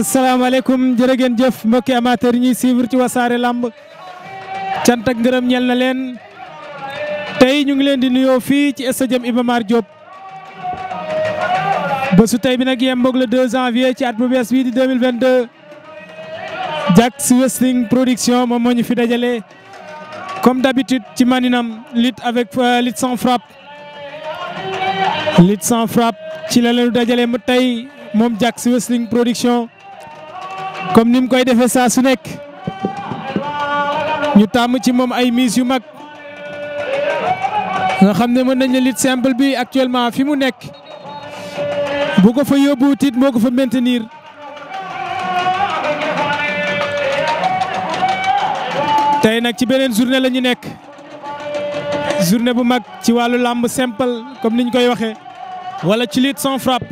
asalaamaaleykum jërë ngeen jëf mbokki amateur ñuy suivre ci wasaare lamb cant ak ngërëm ñel na leen tey ñu ngi leen di nuyoo fii ci stadium Iba Mar Diop. bésu tey bi nag yem boog le 2 janvier ci at bu bees bii di 2022 Diaks Wrestling production moom moo ñu fi dajale comme d'habitude ci maninam lutte avec euh, lutte sans frappe lutte sans frappe ci la leen dajale mu tey moom Diaks Wrestling production. comme ni mu koy defee saa su nekk ñu tàmm ci moom ay mise yu mag nga xam ne mën nañ la lutte simple bi actuellement fi mu nekk bu ko fa yóbbu tiit moo ko fa maintenir tey nag ci beneen journée lañu nekk journée bu mag ci wàllu làmb simple comme niñ koy waxee wala ci lutte sans frappe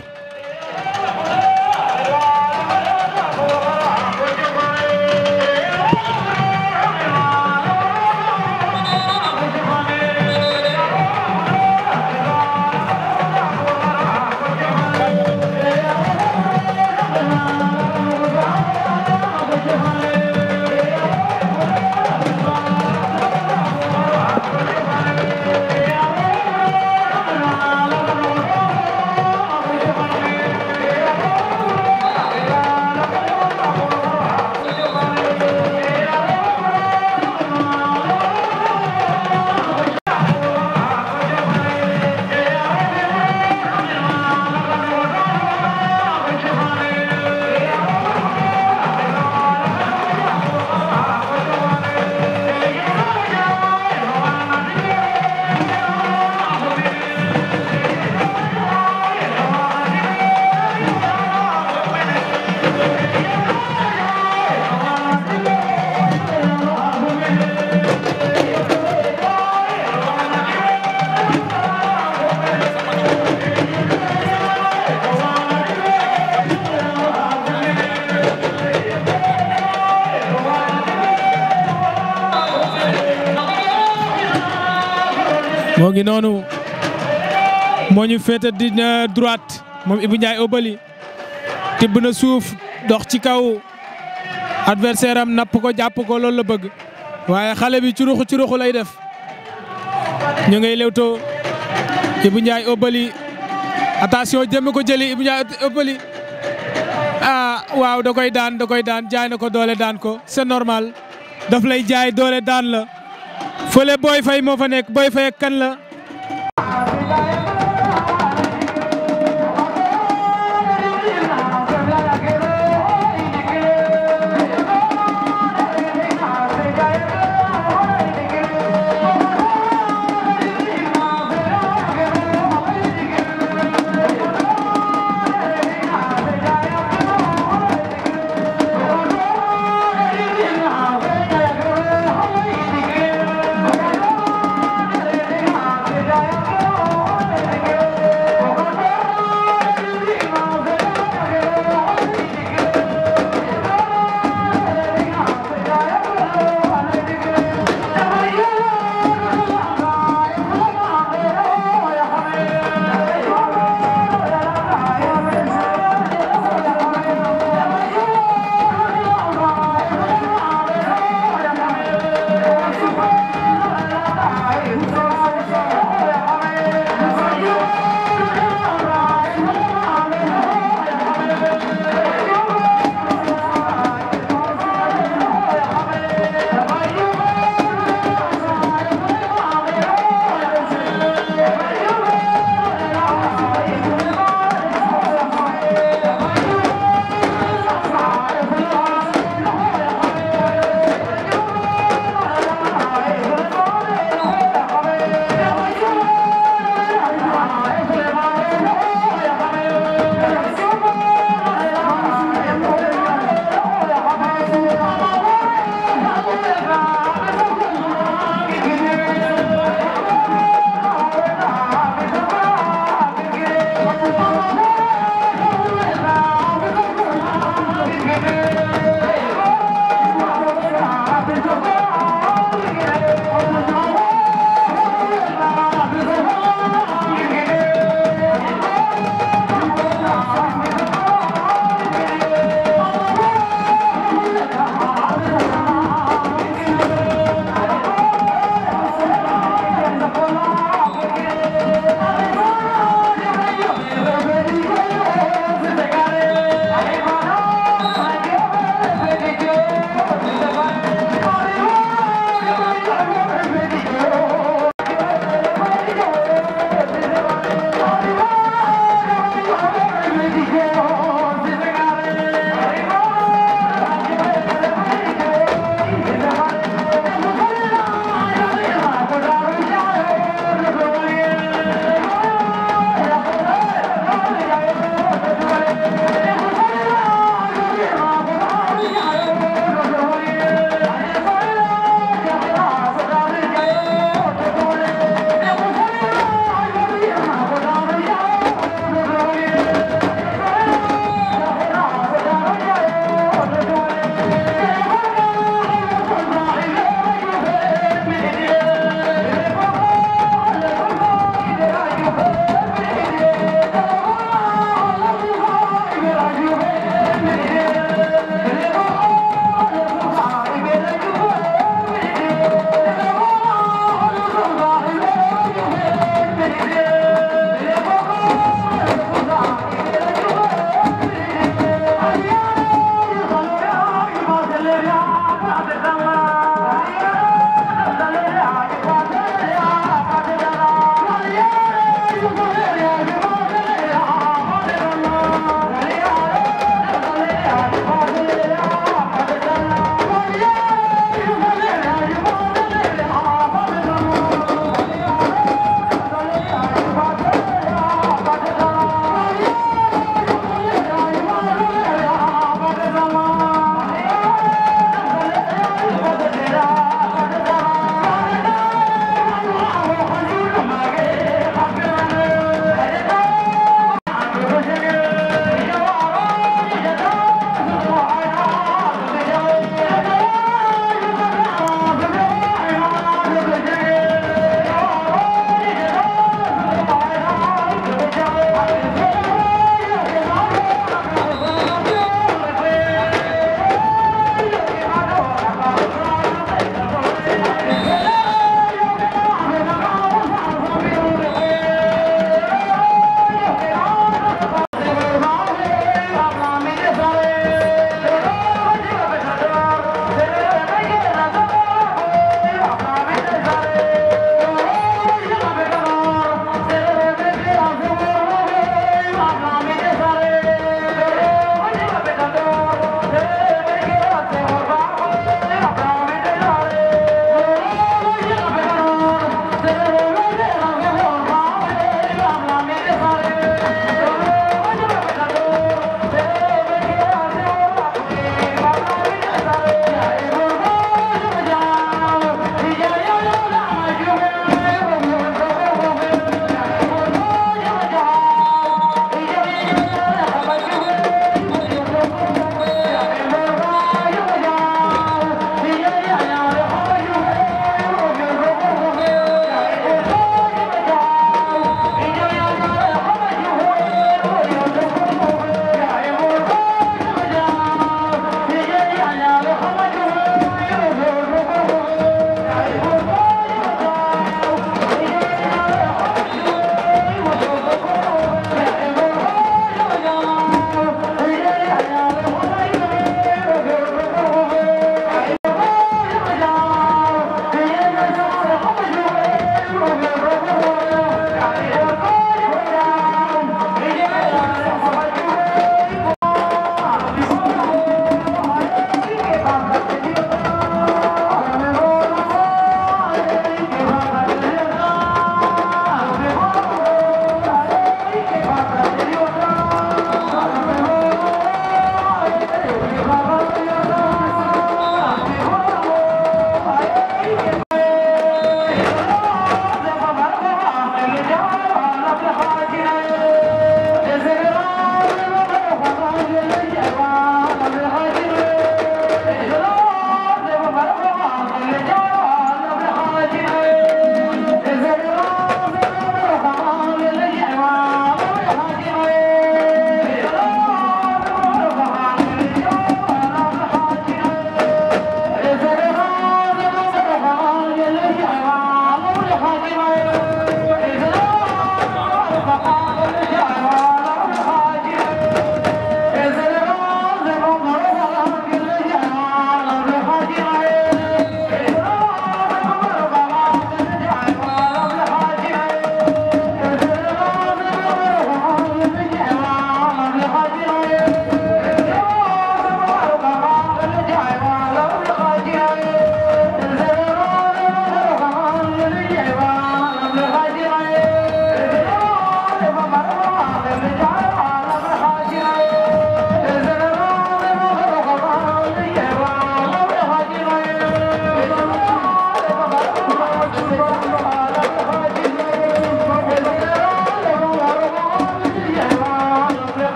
moo ngi noonu moo ñu féete di euh, droite moom Ibou Ndiaye Obali tibb na suuf dox ci kaw adversaire am napp ko jàpp ko loolu la bëgg waaye xale bi curuxu curuxu lay def ñu ngay lewto Ibou Ndiaye Obali attention jëme ko jëli Ibou Ndiaye Obali ah waaw da koy daan da koy daan jaay na ko doole daan ko c'est normal daf lay jaay doole daan la fële Boy Faye moo fa nekk Boy Faye ak kan la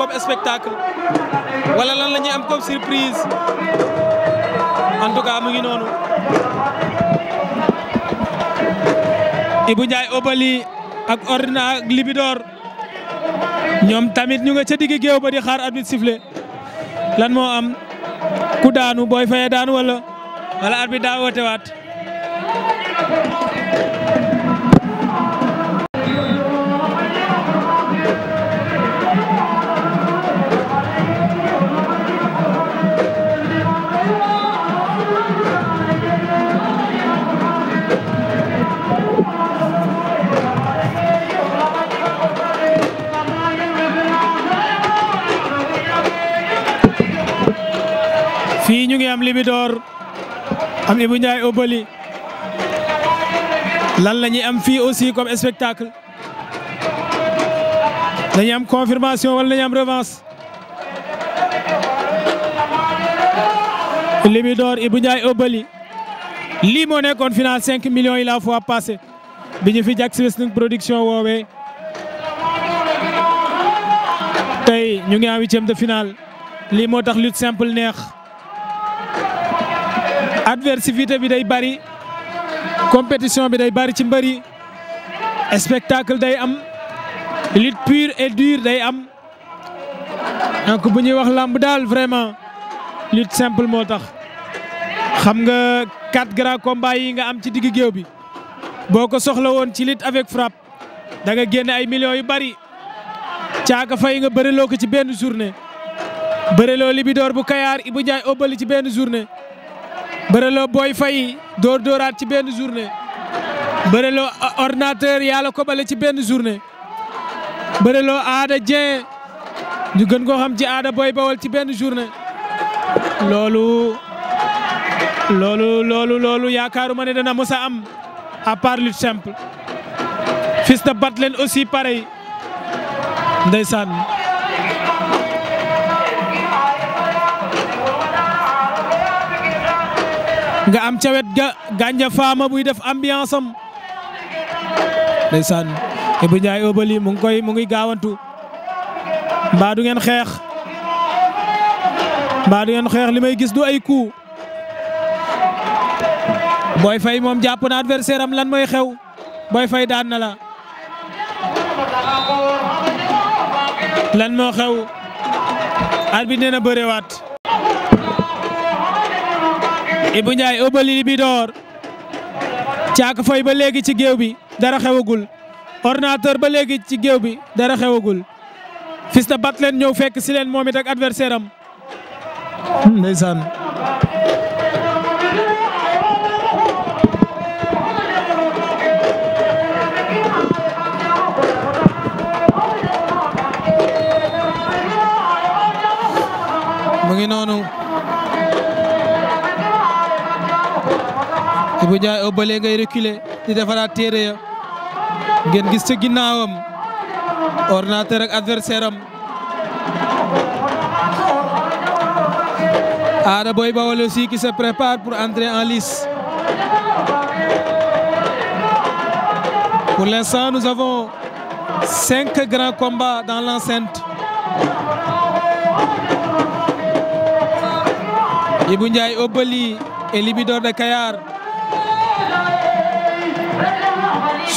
comme spectacle wala lan la ñuy am comme surprise en mu ngi noonu Ibou Ndiaye Obali ak ordina ak Libidor ñoom tamit ñu nga ca digg géew ba xaar arbitre sifflé lan moo am ku daanu booy faye daanu wala wala arbitre daa woote am Ibou Ndiaye Obali lan la ñuy am fii aussi comme spectacle dañuy am confirmation wala dañuy am revanche li mu door Obali lii moo nekkoon final 5 millions yi la fois passé bi ñu fi Jack Wrestling production woowee tey ñu ngi am huitième de finale moo tax lutte simple neex adversité bi day bari compétition bi day bari ci mbër yi spectacle day am lutte pure et dure day am donc bu ñuy wax làmb daal vraiment lutte simple moo tax xam nga quatre grands combats yi nga am ci diggu géew bi boo ko soxla woon ci lutte avec frappe da nga génne ay millions yu bari caaka fay nga bëreloo ko ci benn journée bëreloo Libidor bu Kayaar Ibou Ndiaye obali ci benn journée bëreloo booy Faye dóor dóoraat ci benn journée bëreloo ordinateur yàlla ko bale ci benn journée bëreloo Ada Dieng ñu gën koo xam ci Ada Boy Bawol ci benn journée loolu loolu loolu loolu yaakaaruma ne dana mos a am à part lutte simple fils de Batlen aussi pareil ndeysaan nga am ca wet ga Gandia Fama buy def ambiance am ndeysaan Ibou mu ngi koy mu ngi gaawantu mbaa du ngeen xeex mbaa du xeex li may gis du ay coup Boy Faye moom jàpp na adversaire lan mooy xew Boy Faye daan na la lan moo xew arbitre nee na bërewaat Ibou Ndiaye Obeuly Libidor Caaka Faye ba léegi ci géew bi dara xewagul ordinateur ba léegi ci géew bi dara xewagul Fils de Batlene ñëw fekk si leen moom it ak adversaire mu ngi noonu Ibou Ndiaye au bële ngay reculer di defaraat téere ya ngeen gis ca ginnaawam ordinateur ak adversaire am Ada Boy aussi qui se prépare pour entrer en lice pour l'instant nous avons cinq grands combats dans l'enceinte Ibou Ndiaye Obali et Libidor de Kayar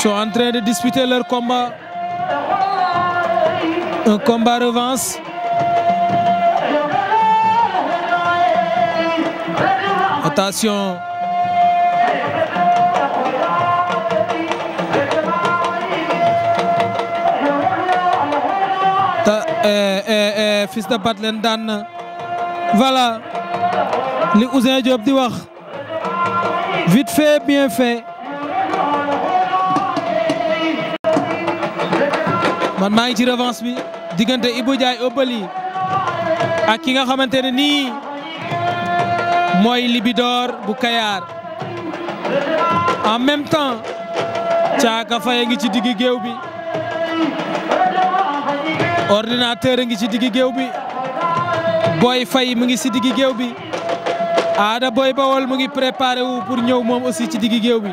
sont en de disputer leur combat. Un combat revanche. Attention. Ta, eh, eh, eh, voilà li Ousin Diop di wax vite fait bien fait. man maa ngi ci revanche bi diggante Ibou Ndiaye Obali ak ki nga xamante ne nii mooy Libidor bu Kayar en même temps Caaka Faye ngi ci diggi géew bi a ngi ci diggi géew bi booy Faye mu ngi ci diggi géew bi Ada booy Bawol mu ngi préparé wu pour ñëw moom aussi ci diggi géew bi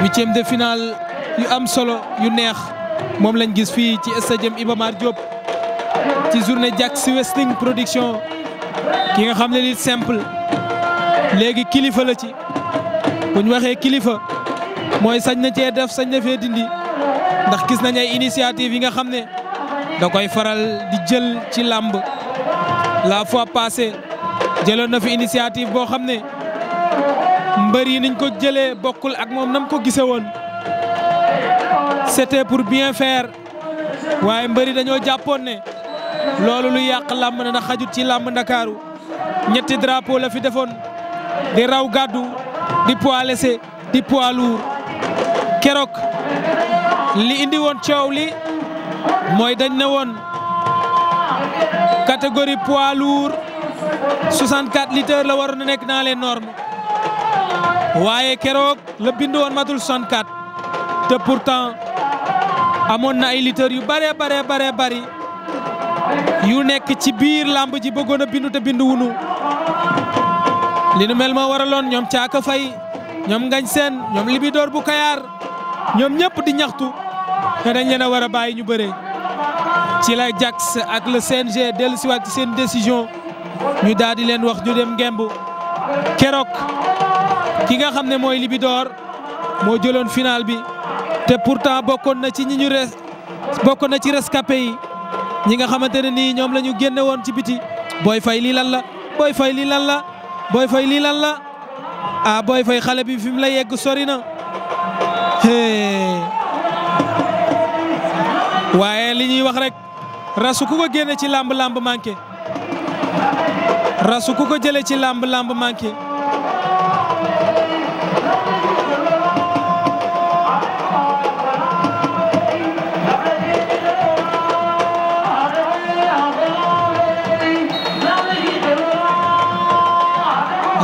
huitième de finale yu am solo yu neex moom lañ gis fii ci stadium Iba Mar Diop ci journée Diaks Wrestling Production ki nga xam ne li simple léegi kilifa la ci bu ñu waxee kilifa mooy sañ na cee def sañ na fee ndax gis nañ ay initiative yi nga xam ne da koy faral di jël ci làmb la fois passée jëloon na fi initiative boo xam ne mbër yi niñ ko jëlee bokkul ak moom nam ko gise c'était pour bien faire waaye mbëri dañoo jàppoon ne loolu lu yàq làmb na na xajut ci làmb ndakaaru ñetti drapo la fi defoon di raw gàddu di poids léger di poids lourd keroog li indi woon coow li mooy dañ ne woon catégorie poids lourd 64 litres la waroon a nekk naa les norme waaye keroog la bind woon matul 64 te pourtant. amoon na ay lutteurs yu bare bare bare bari yu nekk ci biir làmb ji bëggoon a bindu te bindu wunu li nu mel moo waraloon ñoom caaka fay ñoom ngañ seen ñoom libidoor bu kayaar ñoom ñëpp di ñaxtu te dañ leen a war a bàyyi ñu bëre ci la jax ak le CNG dellu siwaat ci seen décision ñu daal di leen wax ñu dem ngemb keroog ki nga xam ne mooy libidoor moo jëloon final bi te pourtant bokkoon na ci ñi ñu res bokkoon na ci rescapé yi ñi nga xamante ne nii ñoom la ñu génne woon ci biti Boy fay lii lan la Boy fay lii lan la Boy Faye lii lan la ah Boy fay xale bi fi mu la yegg sori na waaye li ñuy wax rek rasu ku ko génne ci làmb làmb manqué rasu ku ko jëlee ci làmb làmb manqué.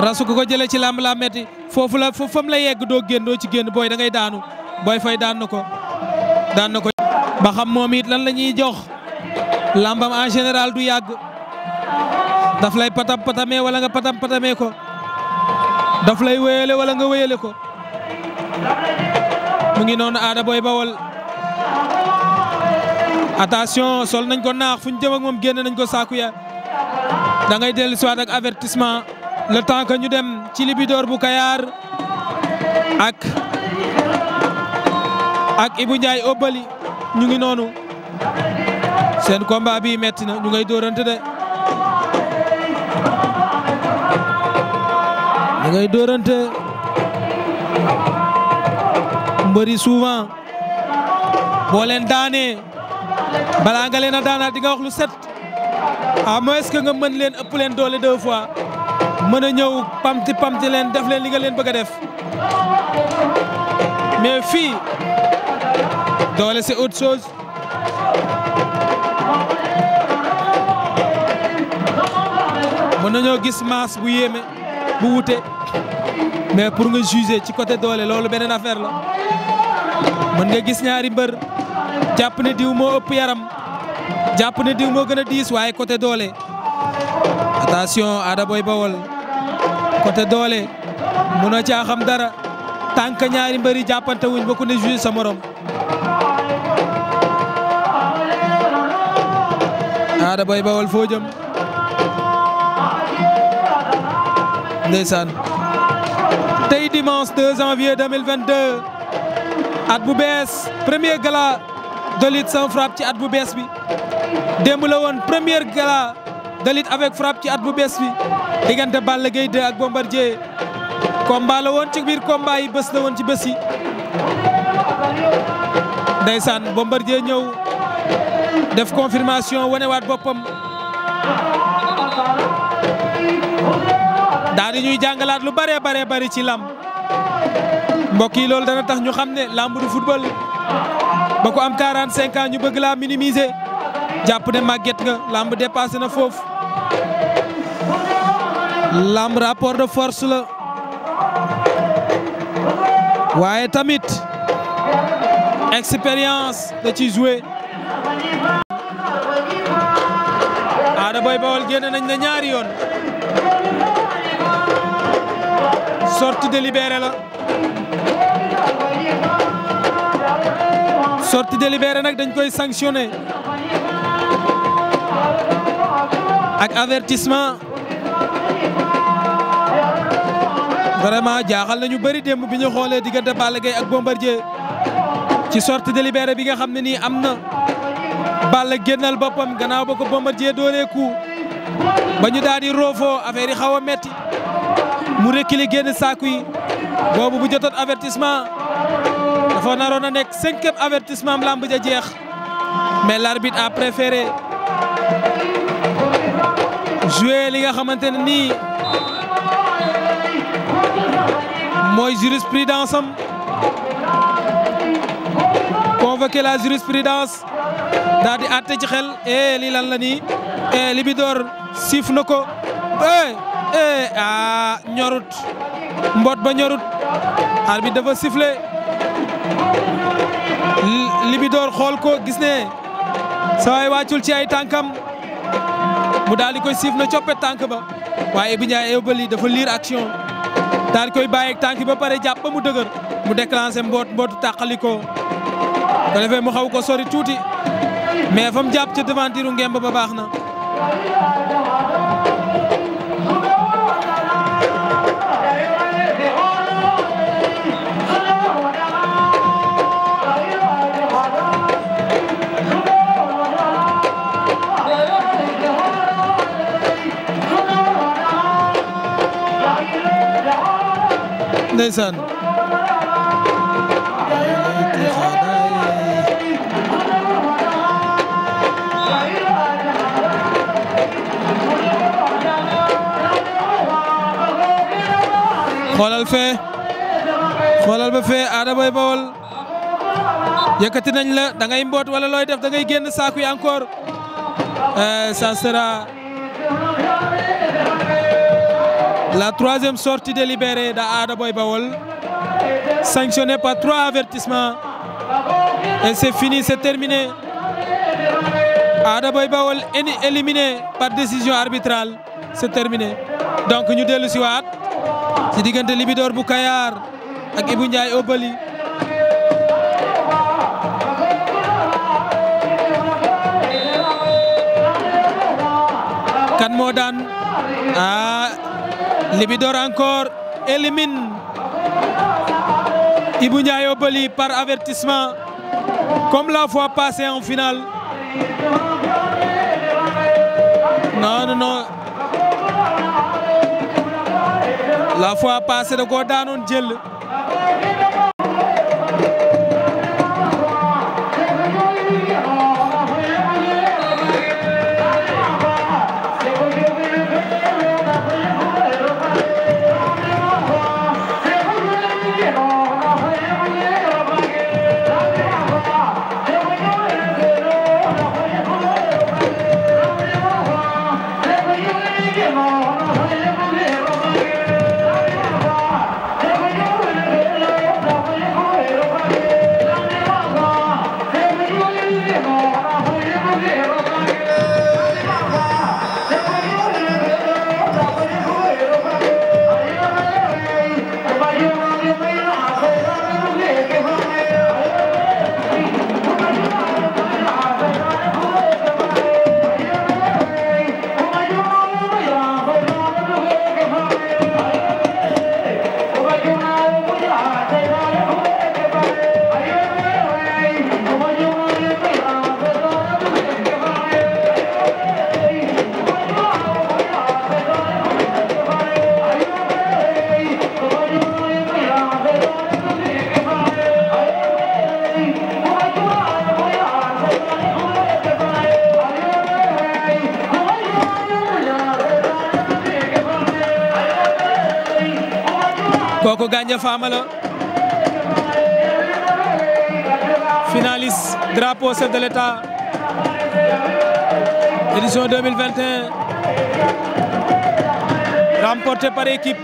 rasu ko jëlee ci làmb laa metti foofu la foofu fam la yegg doo génn doo ci génn booy da daanu booy fay daan na ko daan na ko ba xam moom it lan la ñuy jox làmbam en général du yàgg daf lay patam patamee wala nga patam patamee ko daf lay wéyale wala nga wéyale ko mu ngi noonu aada booy bawol attention sol nañ ko naax fu ñu moom génn nañ ko saaku ya da ngay dellu ak avertissement le temps que ñu dem ci Libidor bu Kayar ak ak Obali ñu ngi noonu seen combat bi metti na ñu ngay dóorante de ñu ngay dóorante mbëri souvent boo leen daanee balaa nga leen a daanaat di nga wax lu set à moins que nga mën leen ëpp leen doole deux fois mën a ñëw pamti pamti leen def leen li nga leen bëgg a def fii doole c'est autre chose mën nañoo gis masse bu yéeme bu wute mais pour nga juger ci côté doole loolu beneen affaire la mën nga gis ñaari mbër jàpp ne diw moo ëpp yaram jàpp na diw moo gën a diis waaye côté doole attention Ada Boy Bawol côté doole munoo caa xam dara tànk ñaari mbëri jàppante wuñ ba ku ne joué sa morom. Ada Boy Baol foo jëm ndeysaan tey dimanche 2 at bu bees premier gala de lutte sans ci at bu bees bi démb la woon premier gala de lutte avec frappe ci at bu bees bi. diggante Balla Gaye 2 ak Bombardier combat woon ci biir combat yi bés la woon ci bés yi ndeysaan Bombardier ñëw def confirmation wanewaat boppam daal ñuy jàngalaat lu bëree baree bari ci làmb mbokk yi loolu dana tax ñu xam ne lamb du football ba ko am 45 ans ñu bëgg laa minimiser jàpp ne màgget nga làmb dépassé na foofu. lamb rapport de force la waaye tamit expérience da ci joué Ada Boy Baol génn nañ na ñaari yoon sortie délibérée la sortie délibérée nag dañ koy sanctionné ak avertissement vraiment jaaxal nañu bëri démb bi ñu xoolee diggante Balla Gaye ak Bombardier ci sortie délibérée bi nga xam ne nii am na Balla génnal boppam ganaaw ba ko Bombardier dooree ku ba ñu daal di roofoo affaire xaw a metti mu rekkili génn saaku yi boobu bu jotoon avertissement dafa naroon a nekk cinquième avertissement am lamb jeex mais l'arbitre a préféré jouer li nga xamante nii. mooy jurisprudence am convoquer la jurisprudence daal di àtte ci xel eh lii lan la nii eh Libidor siif na ko eh, eh ah, ñorut mboot ba ñorut bi dafa siffler Libidor xool ko gis ne saa waay wàccul ci ay tànkam mu daal di koy siif na coppet tànk ba waaye Ibi Ndiaye Obali dafa liir action. daal koy bàyyeeg tànk ba pare jàpp ba mu dëgër mu déclenché mboot mbootu tàqalikoo ko defee mu xaw ko sori tuuti mais fa mu jàpp ca devantiru ngemb ba baax na ndeysaan xoolal fee xoolal ba fee aada bay bawol yëkkati nañ la dangay ngay mboot wala looy def da ngay génn saaku yi encore eh, ça La troisième sortie délibérée d'Ada Boy Bawol, sanctionnée par trois avertissements. Et c'est fini, c'est terminé. Ada Boy Bawol éliminé par décision arbitrale, c'est terminé. Donc ñu dellu si waat ci diggante Libidor bu Kayar ak Ibou Ndiaye Obali kan moo daan ah Libidor encore élimine Ibou Ndiaye Obali par avertissement comme la fois passée en finale non non non la fois passée da daanoon jël Khadija Fama la finaliste drapeau chef de l'État édition 2021 remporté par équipe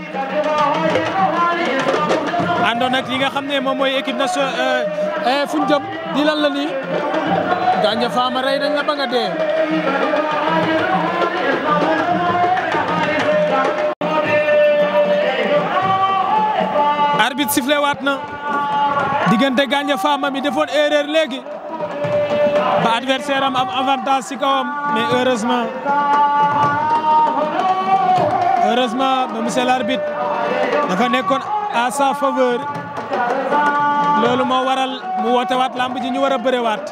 àndoon ak li nga xam ne moom mooy équipe nationale euh, euh, fu ñu jëm di lan la nii Khadija Fama rey nañ la ba nga dee arbitre sifflé waat na diggante Gandia Fama mi defoon erreur léegi ba adversaire am am avantage ci kawam mais heureusement heureusement ba monsieur l'arbitre dafa nekkoon à sa faveur loolu moo waral mu woote waat lamb ji ñu war a bëre waat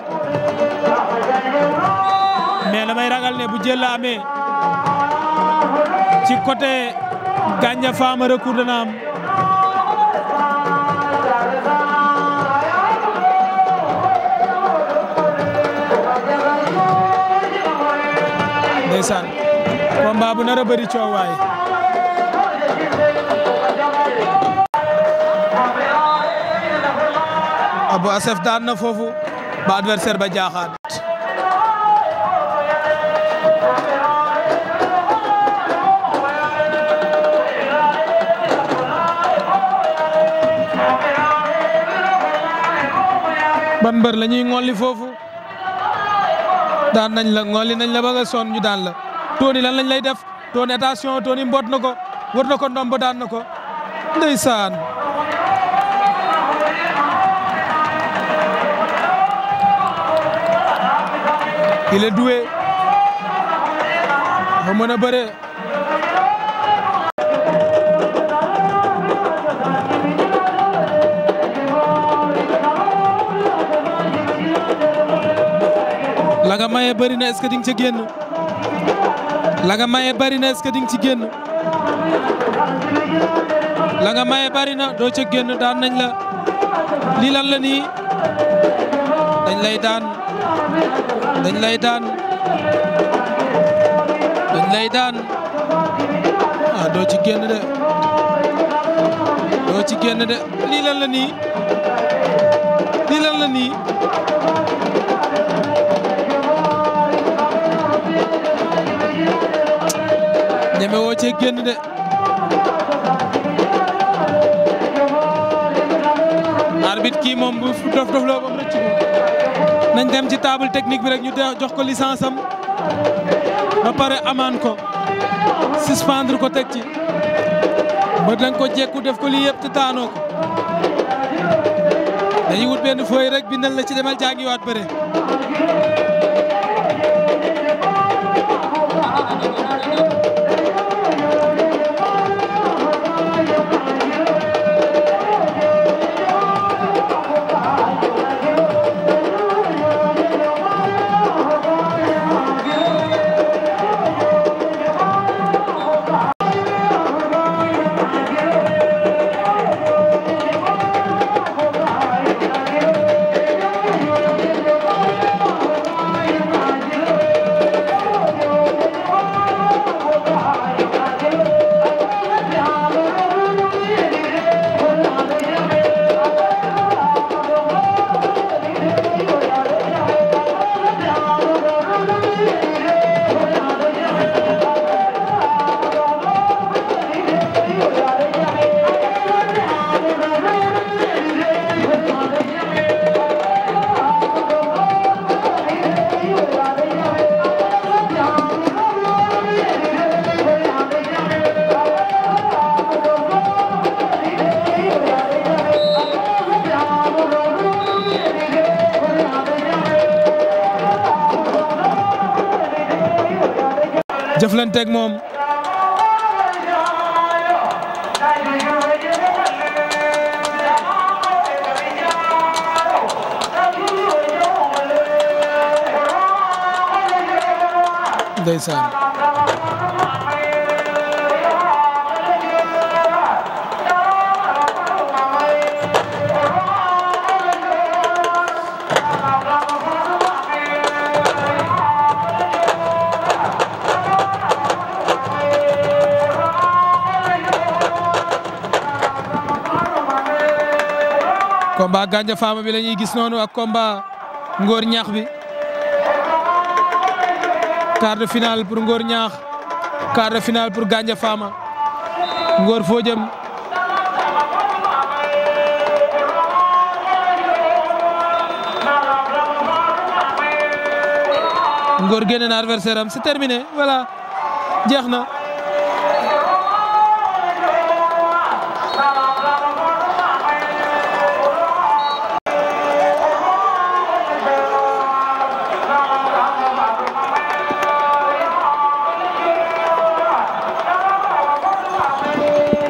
mais damay ragal ne bu jël la amee ci côté Gandia Fama recours dana am ndeysaan combat bu nar bëri coowaay Abou Assef foofu ba adversaire ba jaaxaat ban mbër la ñuy foofu daan nañ la ngooli nañ la ba nga sonn ñu daan la Tony lan lañ lay def Tony attention Tony mboot na ko wër na ko ndomb daan na ko ndeysaan il est doué mën a bëre nga maye bari na est-ce di nga ca génn la nga maye bari na est di nga ci génn la nga maye bari na doo ci génn daan nañ la lii la nii dañ lay daan lay daan dañ ah, doo ci génn de doo la nii la nii. ñeme woo cee génn de arbitre kii moom bu dof dof loo bam rëcc nañ dem ci table technique bi rek ñu jox ko licence am ba pare amaan ko suspendre ko teg ci ba dañ ko jekku def ko lii yëpp te taanoo ko dañuy wut benn fooy rek bindal la ci demal jàngiwaat bëre combat Gandia Fama bi la ñuy gis noonu ak combat Ngor Ñaax bi quart de finale pour Ngor Ñaax quart de finale pour Gandia Fama Ngor foo jëm Ngor génne adversaire am c'est terminé voilà jeex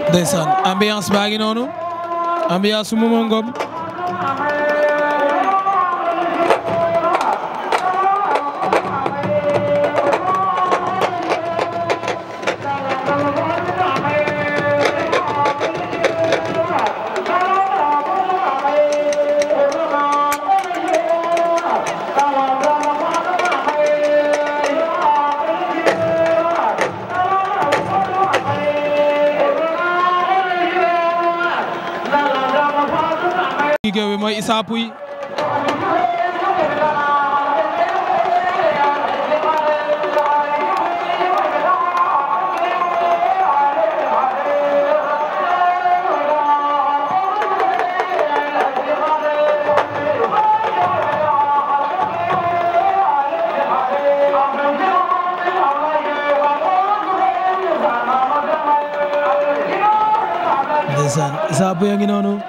ndeysaan ambiance baa ngi noonu ambiance su Momo Moussa Pouye ndeysaan Issa Pouye a ngi noonu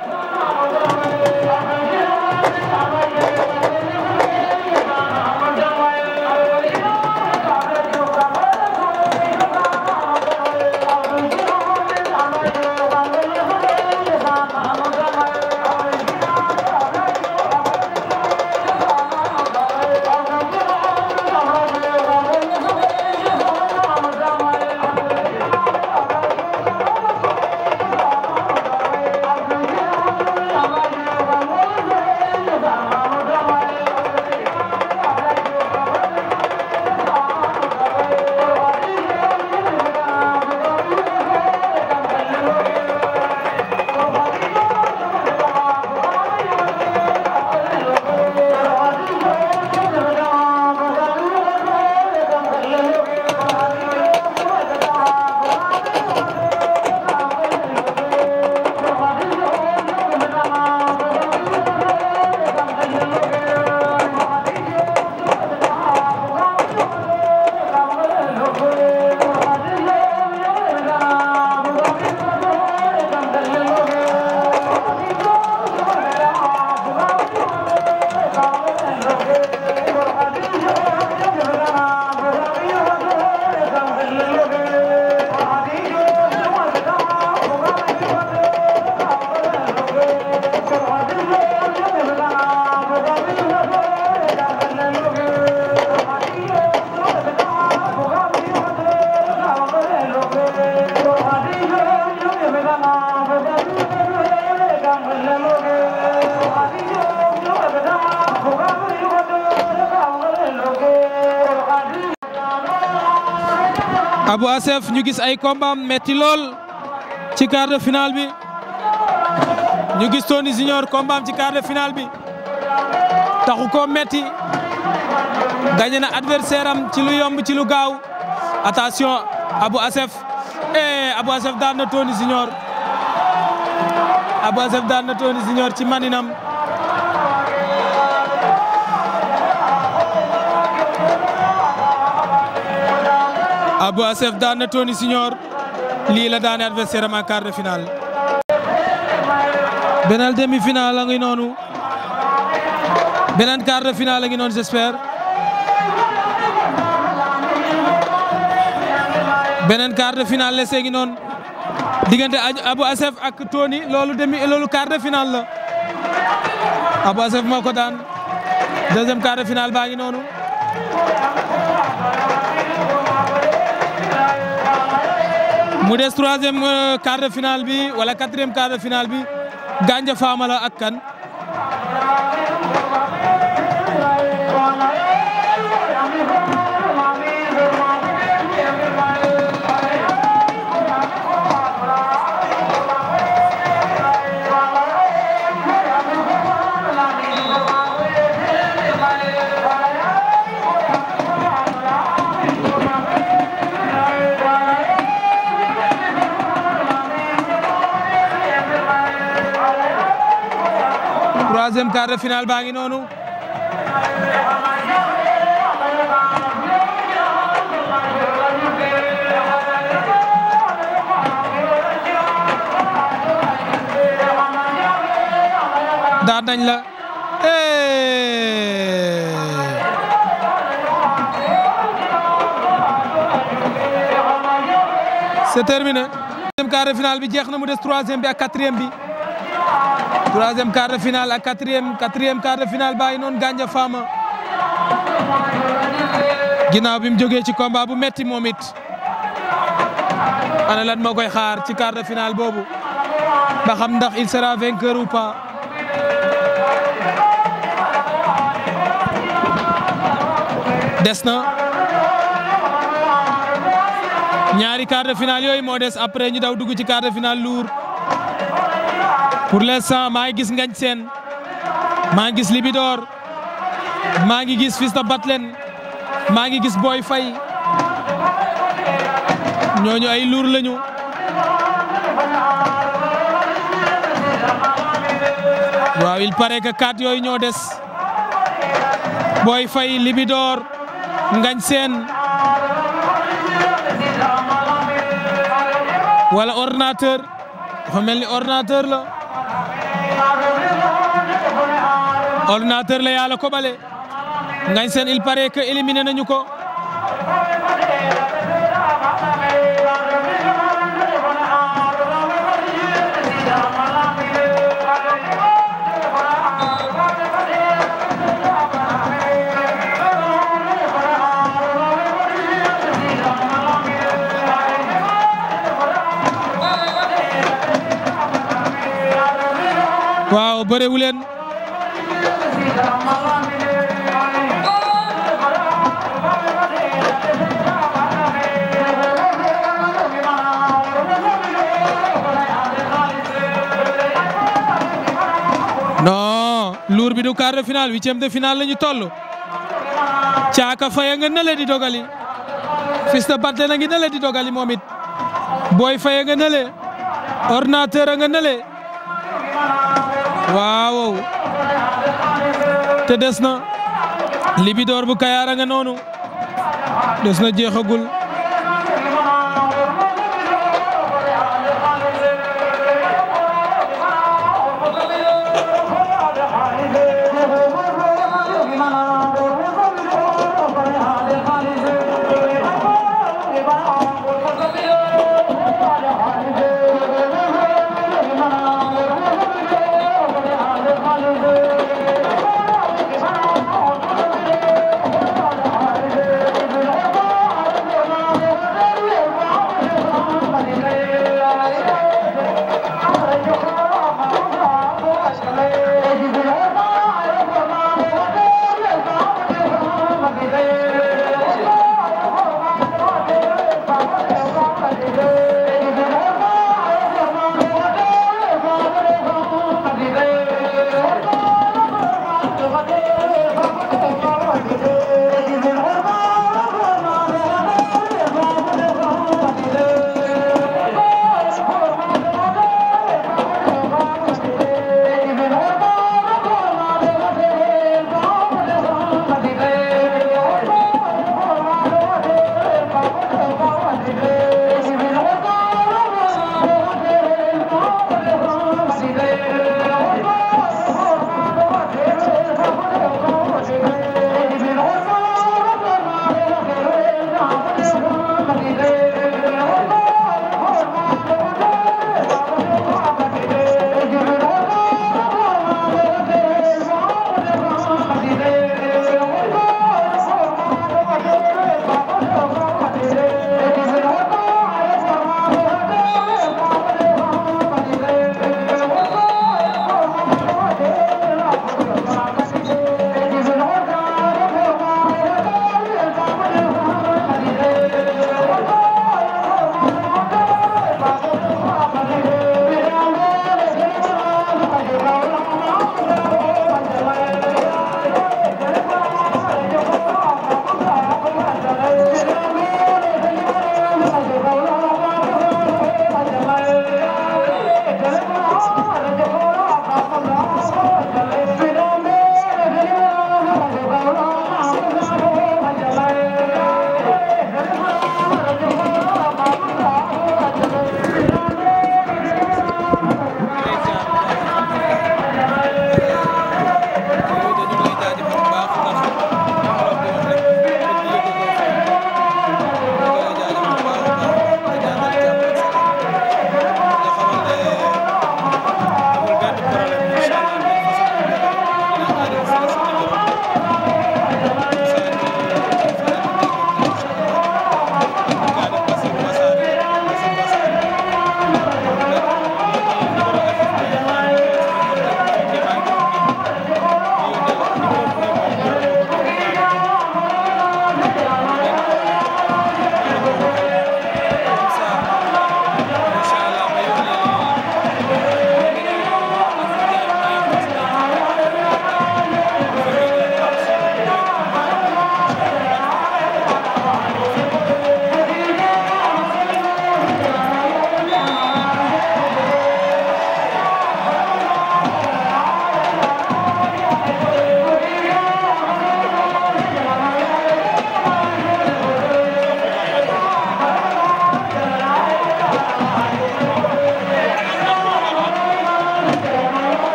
Asef ñu gis ay combat metti lool ci quart de finale bi ñu gis Tony Junior combat ci quart de finale bi taxu ko metti gagné adversaire am ci lu yomb ci lu gaaw attention abu Asef eh Abou Asef daan na Tony Junior Abou Asef daan na Tony Junior ci maninam Abou Assef daan na Tony Senior lii la daane adversaire am quart de finale. beneen ngi noonu beneen quart de finale a ngi noonu j'espère beneen quart ak Tony loolu quart de finale la Abou Assef daan deuxième quart de finale baa ngi noonu. mu des troisième euh, quart de finale bi wala quatrième quart de finale bi Gandia Fama la ak kan troisième quart de finale baa ngi noonu daan nañ la c'est terminé. troisième quart de finale bi jeex na mu des troisième bi ak quatrième bi. troisième quart de finale ak quatrième quatrième quart de finale bàyyi noonu Gandia Fama ginnaaw bi mu jógee ci combat bu metti moom it ana lan moo koy xaar ci quart de finale boobu ba xam ndax il sera vainqueur ou pas des na ñaari quart de finale yooyu moo des après ñu daw dugg ci quart de finale lourd pour l'instant maa ngi gis ngañ Sène maa ngi gis Libidor maa ngi gis Fils de Batlen maa ngi gis Boy Faye ñooñu ay luur lañu waaw il paraît ka quatre yooyu ñoo des Boy fay Libidor ngañ seen wala ordinateur dafa mel ni ordinateur la ordinateur la yàlla kobale ngañ seen il paraît que éliminé nañu ko waaw bëre wu leen non luur bi du quart de finale huitième de finale la ñu toll caaka faye nga nële di dogali Fils de Batlé na ngi nële di dogali moom booy faye nga nële ordinateur nga nële waaw. te des na Libidor bu Kayar a nga noonu des na jeexagul.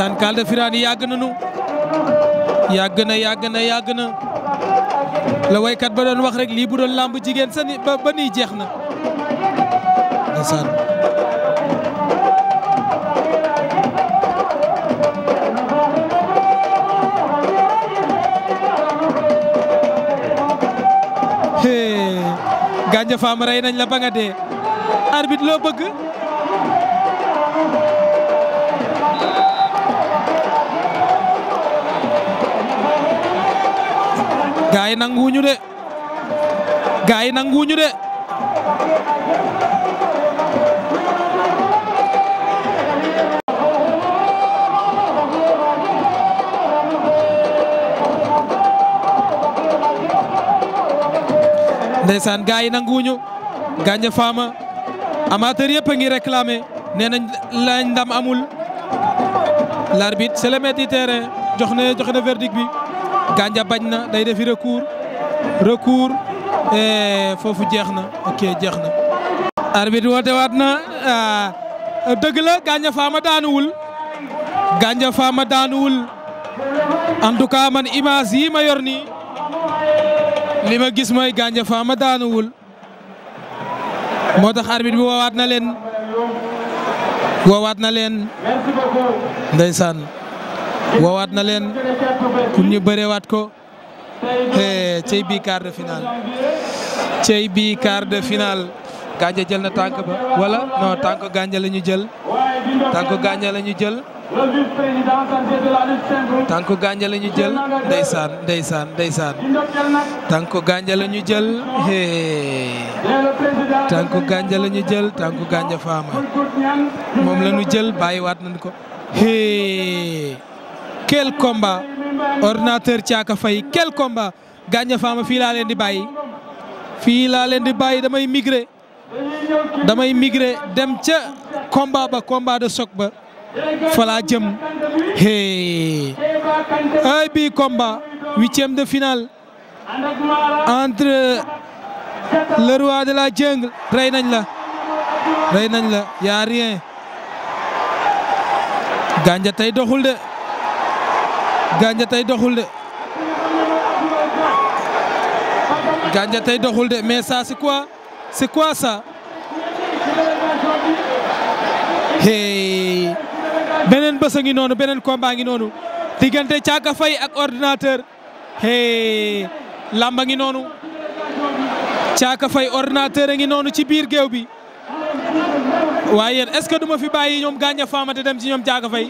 ndeysaan Kalde Firaani yàgg nañu yàgg na yàgg na yàgg na la waykat ba doon wax rek lii bu doon làmb jigéen sa ni ba ba jeex na ndeysaan gànja faam rey nañ la ba nga dee loo bëgg gaa yi nanguwuñu de gaa yi nanguwuñu de ndeysaan gaa yi nanguwuñu Gandia Fama amateur yëpp a ngi réclamer nee nañ lañ ndam amul l'arbitre c'est le maître du terrain jox na joxe na verdict Gandia bañ na day defi recours recours foofu jeex na ok jeex na. arbitre woote waat na euh, dëgg la Gandia Fama daanuwul Gandia Fama daanuwul en tout cas man image yi ma yor nii li ma gis mooy Gandia Fama moo tax arbitre bi woowaat na leen woowaat na leen ndeysaan. woowaat na leen pour ñu bëreewaat ko cey bii quart de finale cey bii quart de finale gànja jël na tànk ba wala non tànk gànja la jël tànk gànja la ñu jël tànk gànja la ñu jël ndeysaan ndeysaan ndeysaan tànk gànja la ñu jël tànk gànja la ñu jël tànk gànja faama moom lañu ñu jël bàyyiwaat nañ ko hee quel combat ordinateur Thiaka Faye quel combat Gandia Fama fii laa leen di bàyyi fii laa leen di bàyyi damay migrer damay dem ca combat ba combat de choc ba fa jëm hey ay bii combat huitième de finale entre le roi de la jungle rey nañ la rey nañ la y rien Gandia tey doxul de. ganja tey doxul de ganja tey doxul de mais ça c'est quoi c'est quoi ça hey beneen bës a ngi noonu beneen combat ngi noonu diggante Caaka fay ak ordinateur hey lamba ngi noonu Caaka fay ordinateur a ngi noonu ci biir géew bi waaye yéen est-ce que duma fi bàyyi ñoom ganja faamate dem ci ñoom Caaka fay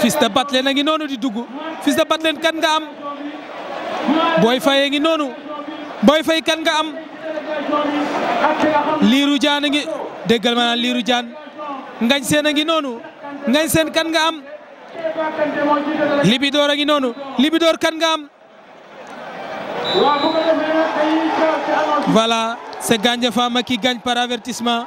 Fils de Batlene a ngi noonu di dugg Fils de Batlene kan nga am Boy Faye a ngi noonu booy Faye kan nga am liiru Diane a ngi déggal ma naan Lirou Diane Ngagne Sène a ngi noonu Ngagne Sène kan nga am Libidor a ngi noonu Libidor kan nga am voilà c'est Gandia Fama qui gagne par avertissement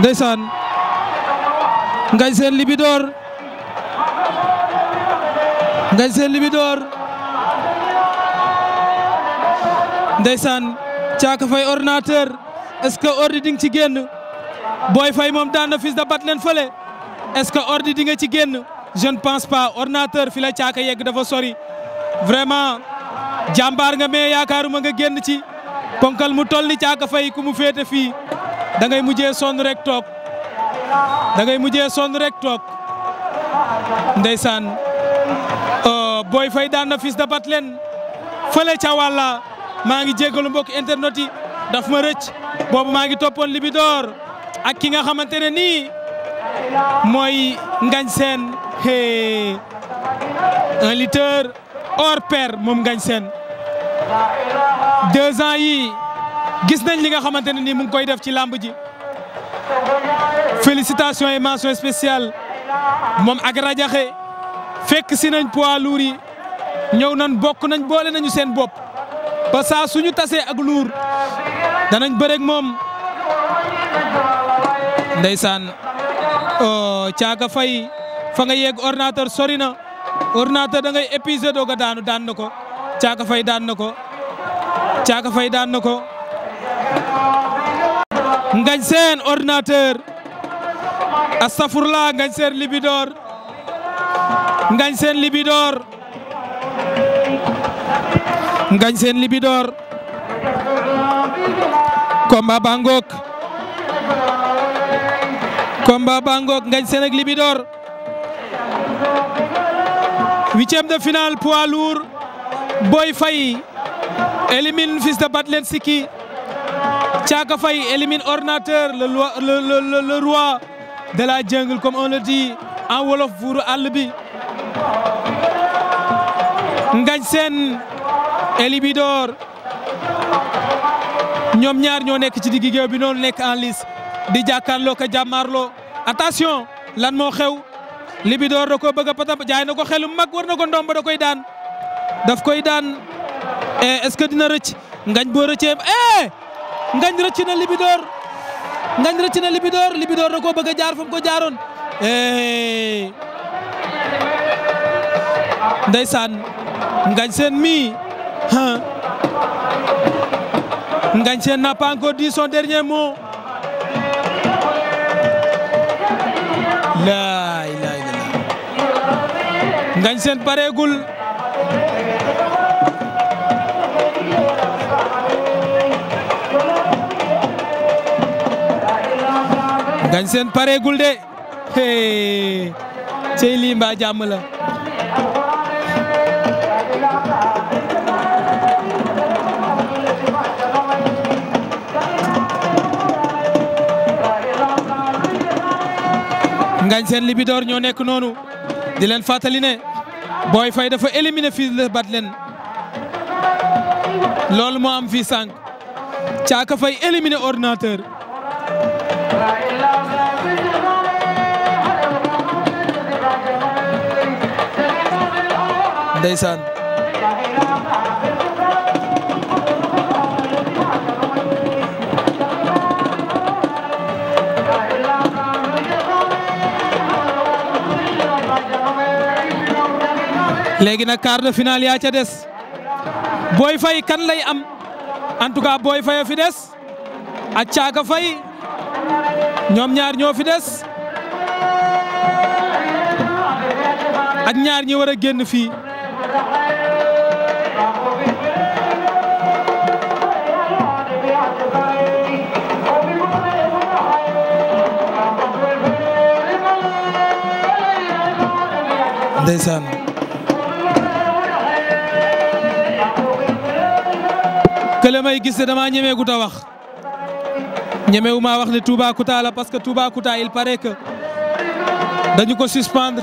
ndeysaan ngañ seen libidoor ngañ seen libidoor ndeysaan caaka fay ordinateur est-ce que ordi di nga ci génn booy fay moom daan na de bat leen fële est-ce que ordi di nga ci génn je pense pas ordinateur fi la yegg dafa sori vraiment jàmbaar nga mais yaakaaruma nga génn ci ponkal mu toll ni caaka fay ku mu féete fii da ngay mujjee sonn rek toog dangay ngay mujjee sonn rek toog ndeysaan oh, booy Faye daan na Fils de Batlen fële ca wàlla maa ngi jégalu mbokk internet yi daf ma rëc boobu maa ngi toppoon Libidor ak ki nga xamante ne nii mooy Ngagne Sène hey un lutteur hors moom Ngagne Sène deux yi gis nañ li nga xamante ne nii mu ngi koy def ci làmb ji félicitations et mention spéciale moom ak rajaxe fekk si nañ poids lourd yi ñëw nañ bokk nañ boole nañu seen bopp ba suñu tasee ak luur danañ bëreeg moom ndeysaan caaga oh, fay fa nga yegg ordinateur sorina na ordinateur da ngay épuisé doog a daanu daan na ko caaga fay daan na ko caaga fay daan na ko Ngagne Sène ordinateur astafurla Ngagne Sène Libidor Ngagne Sène Libidor Ngagne Sène Libidor combat bangok combat bangok Ngagne Sène ak Libidor de finale poids lourd Boy Faye de Batlen Siki Thiaka Faye élimine ordinateur le roi le, le, le, le le dit en wolof buuru àll bi Ngagne Sène Elibidor ñoom ñaar ñoo nekk ci digg géew bi noonu nekk en liis di jàkkaarloo ko jàmmaarloo attention lan moo xew Libidor da ko bëgg a jaay na ko xelum mag war na ko ndomba da koy daan daf koy daan eh, est-ce que dina rëcc ngañ boo rëccee eh ngañ rëcc na Libidor ngañ rëcc na Libidor Libidor koo bëgg a jaar ko jaaroon eh. ndeysaan ngañ seen mi ngañ seen n'a pas encore dit son dernier mot laa ilaaha illallaah ngañ seen pareegul Ngagne Sène pareegul de hey cey lii mbaa jàmm la. Ngagne ñoo nekk noonu di leen fàttali ne Boy Faye dafa éliminer fii la bat leen loolu moo am fii sànq Caaka Faye éliminer ordinateur. ndeysaan léegi nag quart de finale yaa des Boy Faye kan lay am en tout cas Boy Faye a fi des ak Caaka Faye ñoom ñaar ñoo fi des ak ñaar ñi war a génn fii ndeysaan kële may gis damaa ñemee gut a wax ñemewu maa wax ne Toubacouta la parce que Toubacouta il paraît que dañu ko suspendre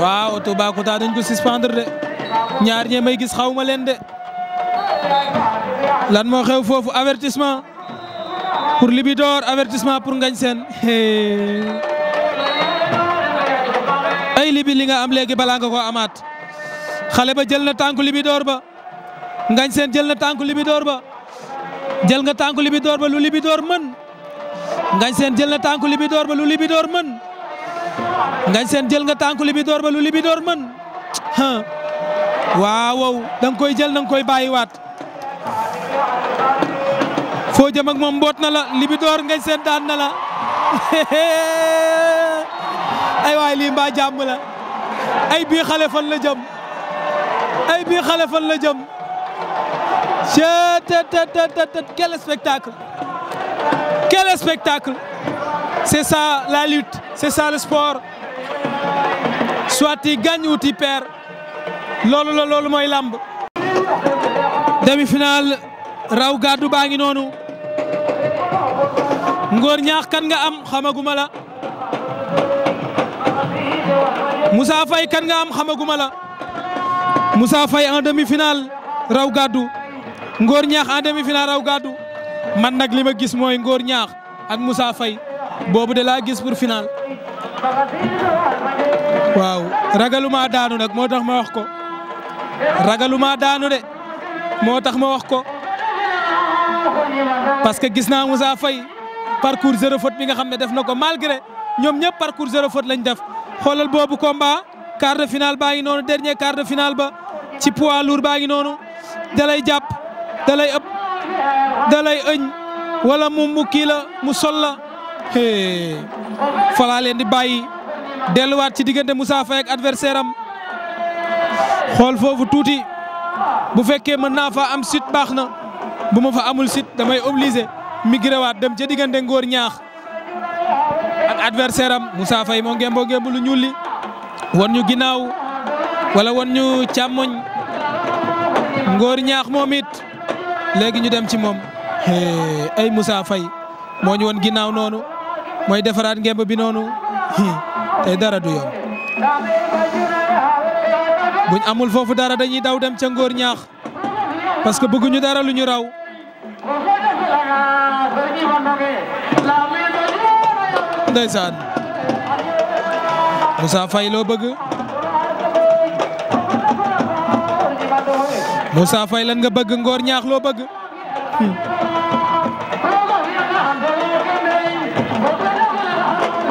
waaw Toubacouta dañu ko suspendre de ñaar ñee may gis xawma leen de lan moo xew foofu avertissement pour Libidor avertissement pour ngañ seen ay libi li nga am léegi balaa nga ko amaat xale ba jël na tànku Libidor ba Ngagne seen jël na tànku Libidor ba jël nga tànku Libidor ba lu Libidor mën Ngagne Sène jël na tànku Libidor ba lu Libidor mën Ngagne Sène jël nga tànku Libidor ba lu Libidor mën waaw wow da nga koy jël da nga koy bàyyiwaat foo jëm ak moom mboot na la Libidor Ngagne Sène daan na la ay waay lii mbaa jàmm la ay bii xale fan la jëm ay bii xale fan la jëm Quel spectacle Quel spectacle C'est la lutte, c'est ça le sport. Soit tu gagnes ou tu perds. loolu mooy lamb demi-finale raw gàddu baa ngi noonu ngóor ñaax kan nga am xamaguma la Moussa Faye kan nga am xamaguma la Moussa Faye en demi-finale raw gàddu Ngor ñaax en demi-finale raw gàddu man nag li ma gis mooy Ngor ñaax ak Moussa Faye boobu de laa gis pour final waaw ragaluma daanu nag moo tax ma wax ko ragaluma daanu de moo tax ma wax ko parce que gis naa Moussa Faye parcours zéro fot bi nga xam ne def na ko malgre ñoom ñëpp parcours zéro faute lañ def xoolal boobu combat quart de finale baa ngi noonu dernier quart de ba ci poids lourd baa ngi noonu dalay jàpp. da lay ëpp da ëñ wala mu mu kii la mu sol la falaa leen di bàyyi delluwaat ci diggante Moussa Faye ak adversaire am xool foofu tuuti bu fekkee mën naa fa am site baax na bu ma fa amul sit damay obligé migré waat dem ca diggante ngóor ñaax ak adversaire am Moussa Faye moo ngemboo ngemb lu ñuul li ñu ginnaaw wala won ñu càmmoñ ngóor ñaax moom léegi ñu dem ci moom ay Moussa fay moo ñu woon ginnaaw noonu mooy defaraat ngemb bi noonu tey dara du yoon buñ amul foofu dara dañuy daw dem ca ngoor ñaax parce que bëgguñu dara lu ñu raw ndeysaan Moussa Faye loo bëgg Moussa Faye lan nga bëgg Ngor Ñaax loo bëgg.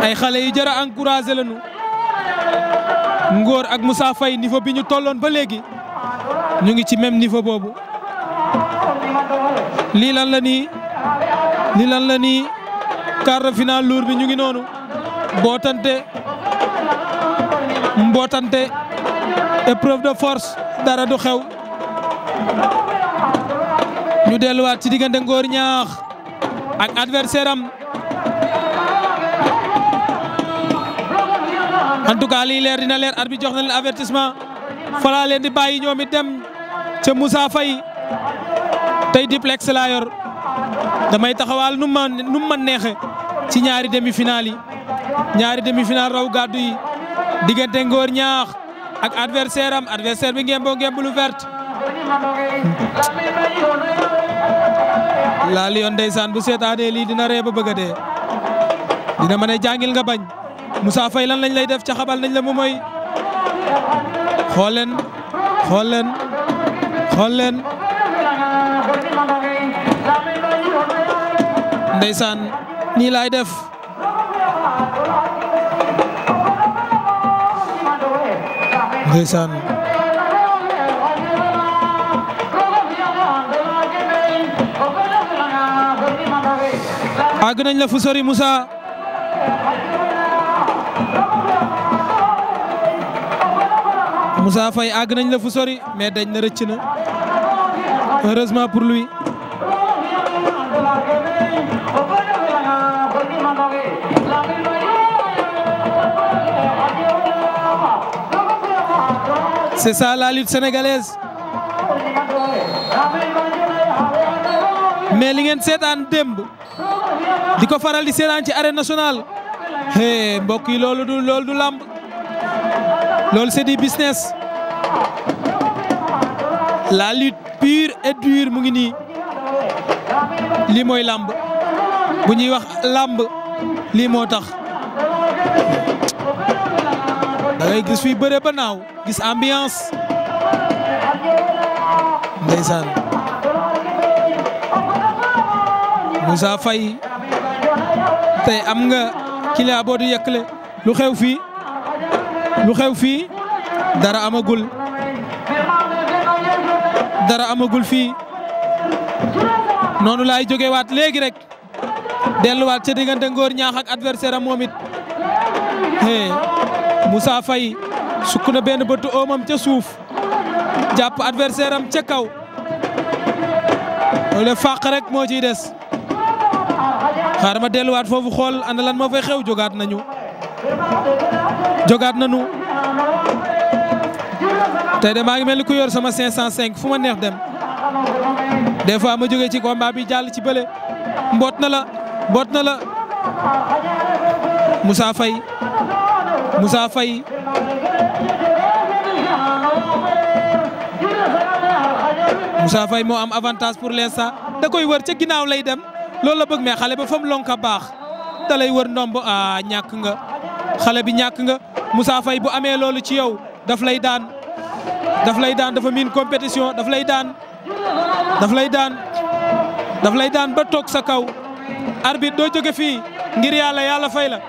ay xale yu jar a encouragé lañu Ngor ak Moussa Faye niveau bi ñu tolloon ba léegi ñu ngi ci même niveau boobu lii lan la nii lii lan la nii quart de finale lour bi ñu ngi noonu bootante mbootante épreuve de force dara du xew. ñu delluwaat ci diggante Ngor Ñaax ak adversaire am en tout cas lii leer dina leer arbitre jox na leen avertissement falaa leen di bàyyi ñoom it dem ca Moussa Faye tey diplex laa damay taxawaal nu ma nu neexe ci ñaari demi-finale yi ñaari demi-finale raw gàddu yi diggante Ngor Ñaax ak adversaire am adversaire bi ngeen boo ngeen lu verte laa lion ndeysaan bu seetaanee lii dina ree ba bëgg a dee dina mën a jàngil nga bañ Moussa Faye lan lañ lay def ca xabal nañ la mu moy xool leen ndeysaan nii laay def ndeysaan àgg nañ la fu sori Moussa Moussa Faye àgg nañ la fu sori mais dañ na rëcc na heureusement pour lui. C'est ça la lutte sénégalaise mais li ngeen seetaan démb di ko faral di seetaan ci arène national hey mbokk yi loolu du loolu du làmb loolu c'est du business la lutte pure et dure mu ngi nii lii mooy lamb bu ñuy wax làmb lii moo tax da ngay gis fii bëre ba naaw gis ambiance ndeysaan Moussa fay tey am nga client boo di yëkkale lu xew fii lu xew fii dara amagul dara amagul fii noonu laay jógewaat léegi rek delluwaat ca diggante ngóor ñaax ak adversaire am moom it hey Moussa Faye sukk na benn bëtu oomam ca suuf jàpp adversaire am ca kaw loolu fàq rek moo ciy des. xaaral ma delluwaat foofu xool ana lan moo fay xew jogaat nañu jogaat nañu tey de maa ngi mel ni ku yor sama cinq fu ma neex dem des fois ma jóge ci combat bi jàll ci bële mboot na la mboot na la Moussa Faye Moussa Faye Moussa moo am avantage pour l'instant da koy wër ca ginnaaw lay dem. loolu la bëgg mais xale ba fa mu lonka baax da lay wër ndomb a ñàkk nga xale bi ñàkk nga Moussa fay bu amee loolu ci yow daf lay daan daf lay daan dafa miin compétition daf lay daan daf lay daan daf lay daan ba toog sa kaw arbitre doo jóge fii ngir yàlla yàlla fay la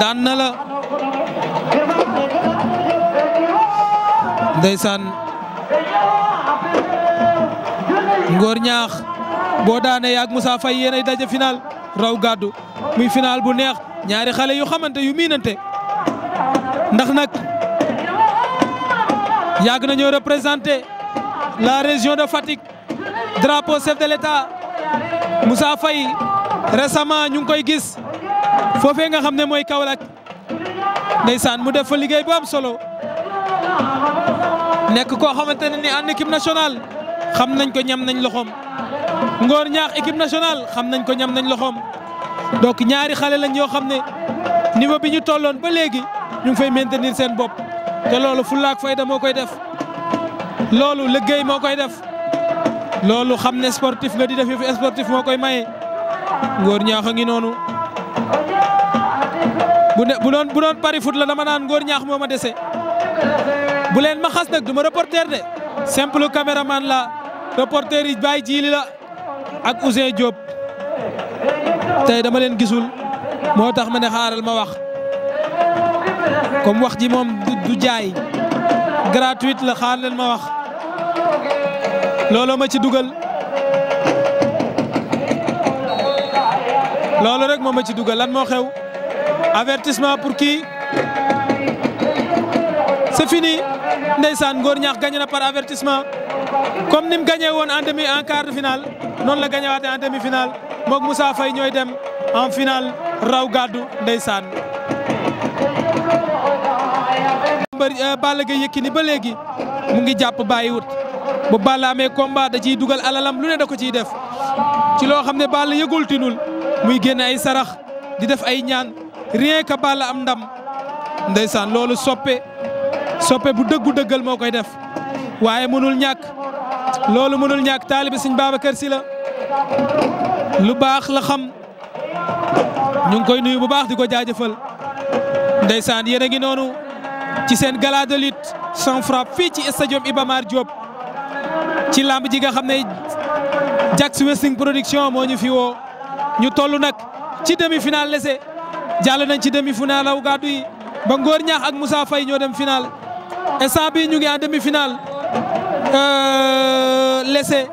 daan na la ndeysaan Ngor ñaax boo daane yaag Moussa Faye yéenay daje final raw gàddu muy final bu neex ñaari xale yu xamante yu miinante ndax nag yàgg nañoo représenté la région de Fatick drapeau chef de l'État Moussa Faye récemment ñu ngi koy gis foofee nga xam ne mooy Kaolack ndeysaan mu def fa liggéey bu am solo nekk koo xamante ne ni en équipe nationale. xam nañ ko ñam nañ loxoom Ngor Niakh équipe nationale xam nañ ko ñam nañ loxoom donc ñaari xale lañ yoo xam ne niveau bi ñu tolloon ba léegi ñu ngi fay maintenir seen bopp te loolu fullaak fayda moo koy def loolu liggéey moo koy def loolu xam ne sportif nga di def yëfu sportif moo koy maye Ngor Niakh a ngi noonu bu ne bu doon bu doon pari foot la dama naan Ngor Niakh moo ma dese bu leen ma xas nag du ma de. simple man la reporter yi Baye Djili la ak Ousseyn joob tey dama leen gisul moo tax ma ne xaaral ma wax comme wax ji moom du jaay gratuit la xaar ma wax looloo ma ci dugal loolu rek moo ma ci dugal lan moo xew avertissement pour qui c'est fini ndeysaan Ngor Niakh gagné na par avertissement comme ni mu woon en demi en quart de finale noonu la gagné waatee en demi moog Moussa Faye ñooy dem en finale raw gàddu ndeysaan. Euh, Balla Gaye Yékini ba léegi mu ngi jàpp bàyyiwut bu Balla amee combat da ciy dugal alalam lu ne da ko ciy def ci loo xam ne Balla yëgul muy génn ay sarax di def ay ñaan rien que Balla am ndam ndeysaan loolu soppe. soppe bu dëggu dëggal moo koy def waaye mënul ñàkk loolu mënul ñàkk taalibe Sëriñ Babacar Sy la lu baax la xam ñu ngi koy nuyu bu baax di ko jaajëfal ndeysaan yéen a ngi ci seen gala sans frappe fii ci stadium Iba Mar ci làmb ji nga xam ne Jax Wrestling production moo ñu fi ñu toll nag ci demi-finale lese jàll nañ ci demi-finale aw gàddu yi ba Ngor Ñaax ak Moussa Faye ñoo dem finale instant bii ñu ngi en demi-finale euh, laissé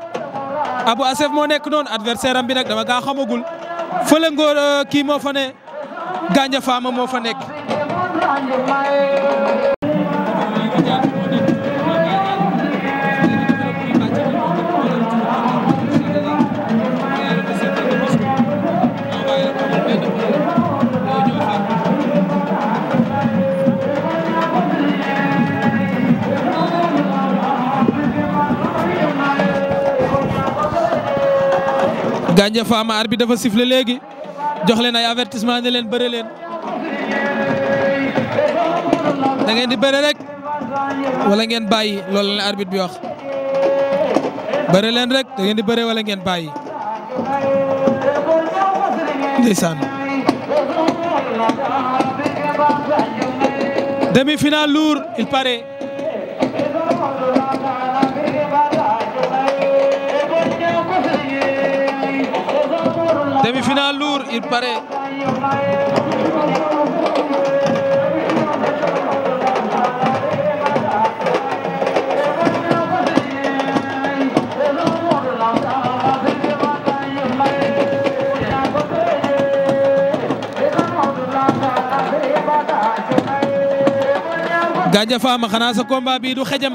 Abou moo nekk noonu adversaire am bi nag dama kaa xamagul fële ngóor euh, kii moo fa ne Gandia Fama moo fa nekk. Gandia Fama arbitre bi dafa léegi jox leen ay avertissement ne leen bëre leen da ngeen di bëre rek wala ngeen bàyyi lool la arbitre bi wax bëre leen rek da ngeen di bëre wala ngeen bàyyi demi-finale lourd il paraît demi-finale lourd il paraît Gandia Fama xanaa sa combat bii du xejam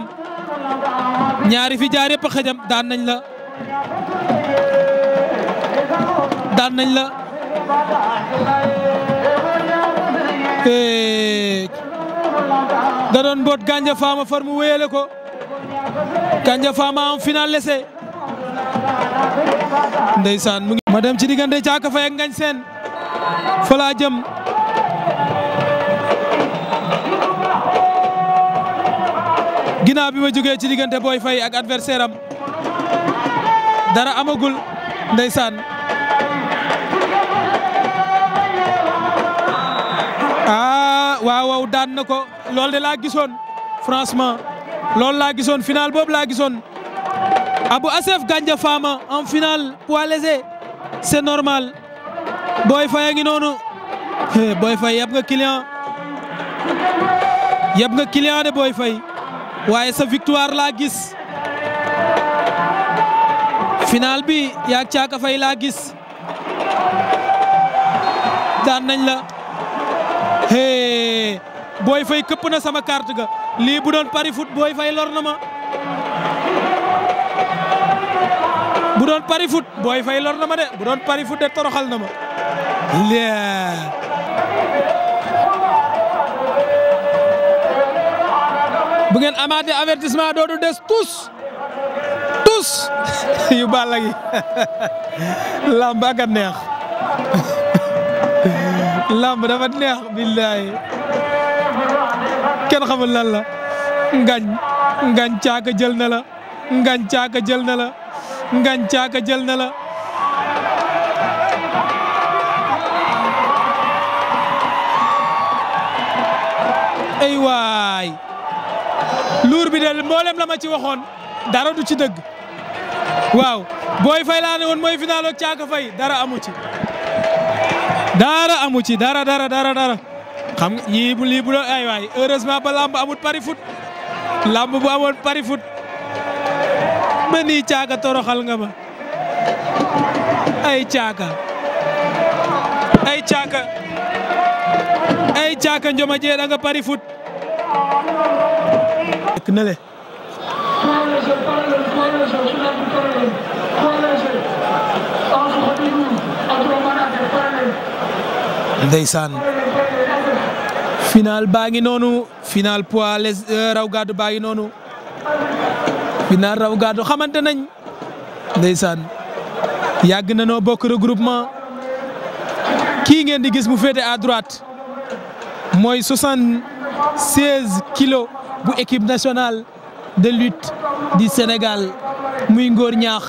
ñaari fi jaar yëpp a xejam daan nañ la daan nañ la eh, da doon boot Gandia Fama far mu wéyale ko Gandia Fama en final laissé ndeysaan mu ngi dem ci diggante Caaka Fay ak Ngañ Seen fa laa jëm ginnaaw bi ma jógee ci diggante Boy Fay ak adversaire am dara amagul ndeysaan waaw waaw daan na ko loolu de laa gisoon francement loolu laa gisoon final boobu laa gisoon abu Assef Gandia Fama en finale poids léger c'est normal Boy Faye a ngi noonu eh, Boy Faye yab nga client yab nga client de Boy Faye waaye sa victoire laa gis final bi yaag caaka fay laa gis daan nañ la hee booy fay këpp na sama carte ga lii bu doon pari foot booy fay lor na ma bu doon pari foot booy fay lor na ma de bu doon pari de toroxal na ma bu ngeen amaatee avertissement doodu des tous tous yu bàll gi làmb neex lamb dafa neex billahi kenn xamul lan la ngañ ngañ caaka jël na la ngañ caaka jël na la ngañ caaka jël na la ay waay luur bi de mboolem la ma ci waxoon dara du ci dëgg waaw booy fay laa ne woon mooy final ak caaka fay dara amu ci dara amu ci dara dara daara dara xam nga ñii bu lii bu doon ay waay heureusement ba lamb amut pari foot lamb bu amoon pari foot ba nii caaga toroxal nga ma ay caaga ay caaga ay caaga njoma jee da nga pari foot ndeysaan final baa ngi noonu final poids les euh, raw gàddu baa ngi noonu final raw gàddu xamante nañ ndeysaan yàgg na noo bokk regroupement kii ngeen di gis mu féete à droite mooy soixante-seize kilo bu équipe nationale de lutte du Sénégal muy ngoor ñaax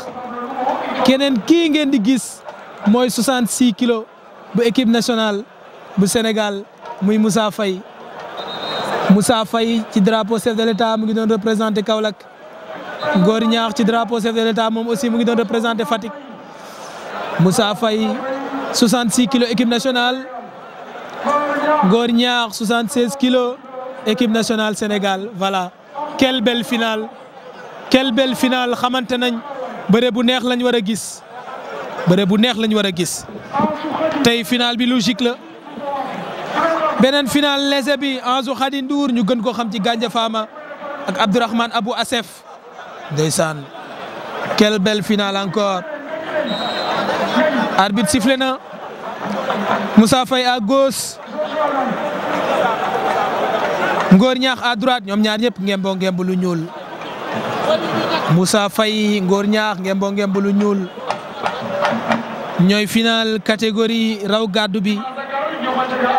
keneen kii ngeen di gis mooy soixante-six kilos bu équipe nationale bu Sénégal muy Moussa Faye Moussa fay ci drapeau chef de l'État mu ngi doon représenté Kaolack goor ñaax ci drapeau chef de l'État moom aussi mu ngi doon représenté Fatick Moussa Faye 66 kilos équipe nationale Ngor Niakh 76 kilos équipe nationale Sénégal voilà quelle belle finale quelle belle finale xamante nañ bëre bu neex lañ war a gis. bëre bu neex lañ war a gis tey final bi logique la beneen final léger bi Anzu Khady Ndour ñu gën ko xam ci Gandia Fama ak Abdourahmane abu Assef ndeysaan quelle belle finale encore arbitre sifflé na Moussa Faye Ngor Ñaax à ñoom ñaar ñëpp ngemboo ngemb lu ñuul Moussa Faye Ngor Ñaax ngemboo ngemb lu ñuul ñooy final catégorie raw gàddu bi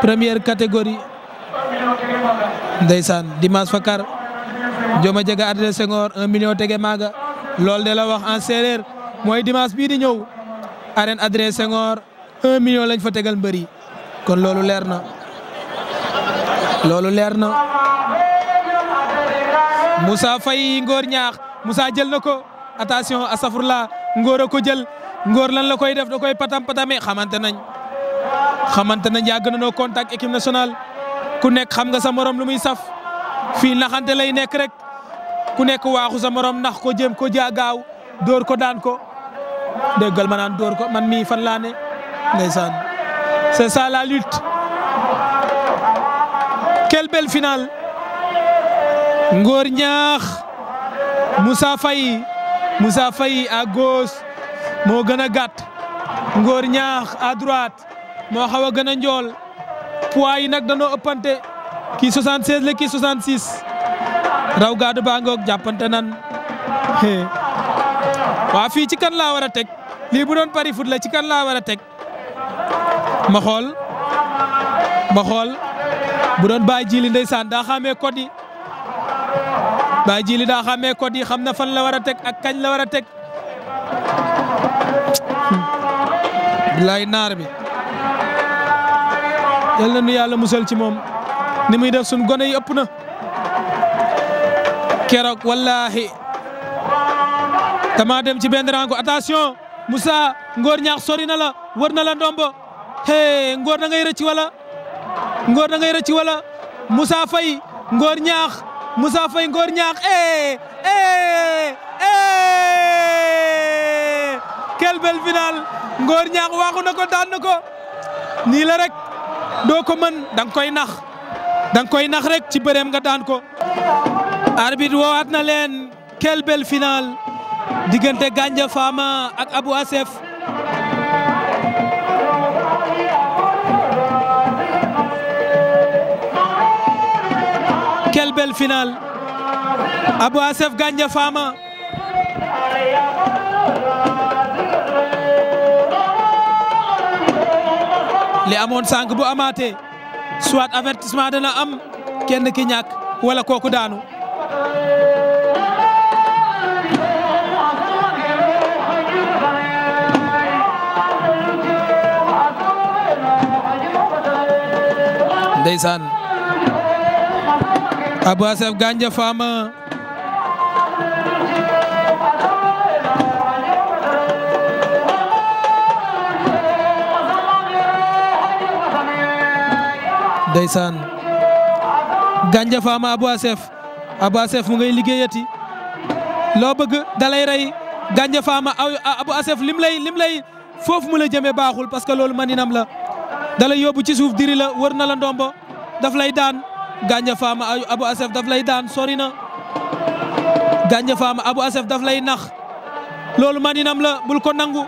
première catégorie ndeysaan Dimanche Fakar Joma jega adresse Senghor un million tege maaga loolu de la wax en séeréer mooy dimanche bii di ñëw arène adresse Senghor million lañ fa tegal mbëri kon loolu leer na loolu leer na Moussa Faye ngóor ñaax Moussa jël na ko attention asafurla ngóor a ko jël Ngor lan la koy def da koy patam patame xamante nañ xamante nañ yàgg nañoo contact équipe nationale ku nekk xam nga sa moroom lu muy saf fii naxante lay nekk rek ku nekk waaxu sa moroom nax ko jëm ko jaagaaw dóor ko daan ko déggal manaan naan dóor ko man mi fan laa ne ndeysaan c'est ça la lutte quelle belle finale Ngor Niakh Moussa Faye Moussa à gauche moo gën a gàtt ngoor ñaax à moo xaw a gën a njool poids yi nag danoo ëppante kii 76 la kii 66 raw gaadu baa ngoog jàppante nan waa fii ci kan laa war a teg lii bu doon pari fut la ci kan laa war a teg ma xool ma xool bu doon baa Djili ndeysaan daa xamee code yi Baye Djili daa xamee code yi xam na fan la war a teg ak kañ la war a teg. bilaay naar bi yal na nu yàlla musal ci moom ni muy def sun gone yi ëpp na keroog wallaahi dama dem ci benn rango attention Moussa Ngor ñaax sori na la wër na la ndombo hey Ngor da ngay rëcc wala Ngor da ngay rëcc wala Moussa Faye Ngor ñaax Moussa fay Ngor ñaax eh, eh. quelle belle finale Ngor ñaax waaxu ko daan na ko nii rek doo ko mën da koy nax da koy nax rek ci bëreem nga daan ko. arbitre woowaat na leen quelle belle diggante Gandia Fama ak Abou Assef. quelle belle finale Abou Assef Gandia li amoon sànq bu amaate soit avertissement dana am kenn ki wala kooku daanu. ndeysaan Abou Assef Gandia Fama ndeysaan gànja faama abou asef abou asef mu ngay liggéeyati loo bëgg dalay rey gànja faama abou asef lim lay lim lay foofu mu la baaxul parce que loolu maninam la dalay yóbbu ci suuf diri la wër na la ndombo daf lay daan gànja faama abou asef daf lay daan sori na gànja faama abou asef daf lay nax loolu maninam la bul ko nangu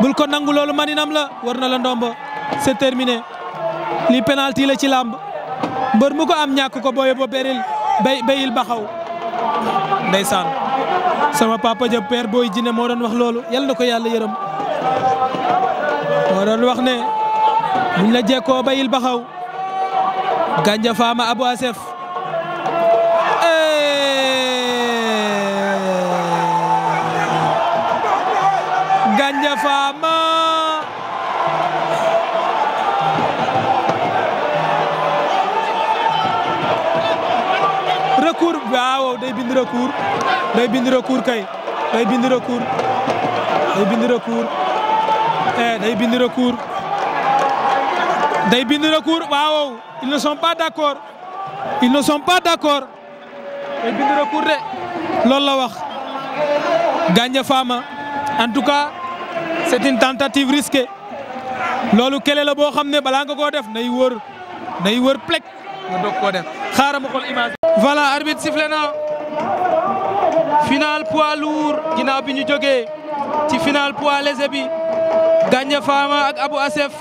bul ko nangu loolu maninam la wër na la ndombo c'est terminé li penalty la ci làmb mbër mu ko am ñàkk ko booyee ba beril bay bayil ba xaw ndeysaan sama papa ja père booy jinne moo dan wax loolu yal na ko yàlla yërëm moo doon wax ne buñ la jekkoo bayil ba ganja faama abou asef eh! ganja faama taxaw day bind recours day bind recours kay day bind recours day bind recours eh day bind recours day bind recours waaw ils ne sont pas d'accord ils ne sont pas d'accord day bind de loolu la wax Gandia Fama en tout cas c'est une tentative risquée loolu kele la boo xam ne balaa nga koo def nay wër nay wër plek nga doog koo def xaaral ma xool image. final poids lourd ginnaaw bi ñu jógee ci final poids léger bi Gandia Fama ak Abou Assef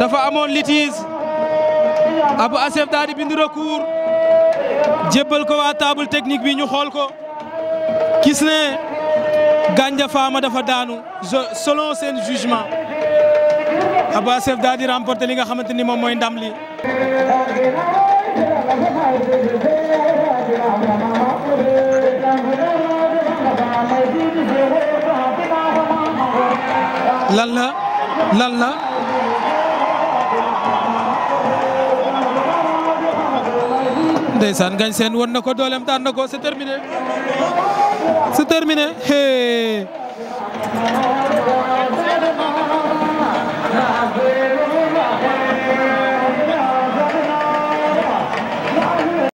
dafa amoon litige Abou Assef daal di bind jébbal ko waa table technique bi ñu xool ko gis ne Gandia Fama dafa daanu selon seen jugement Abou Assef daal di li nga xamante ni moom mooy ndamli lan la lan la ndeysaan gañ seen won na ko dooleem daan na ko c'est terminé c'est terminé hey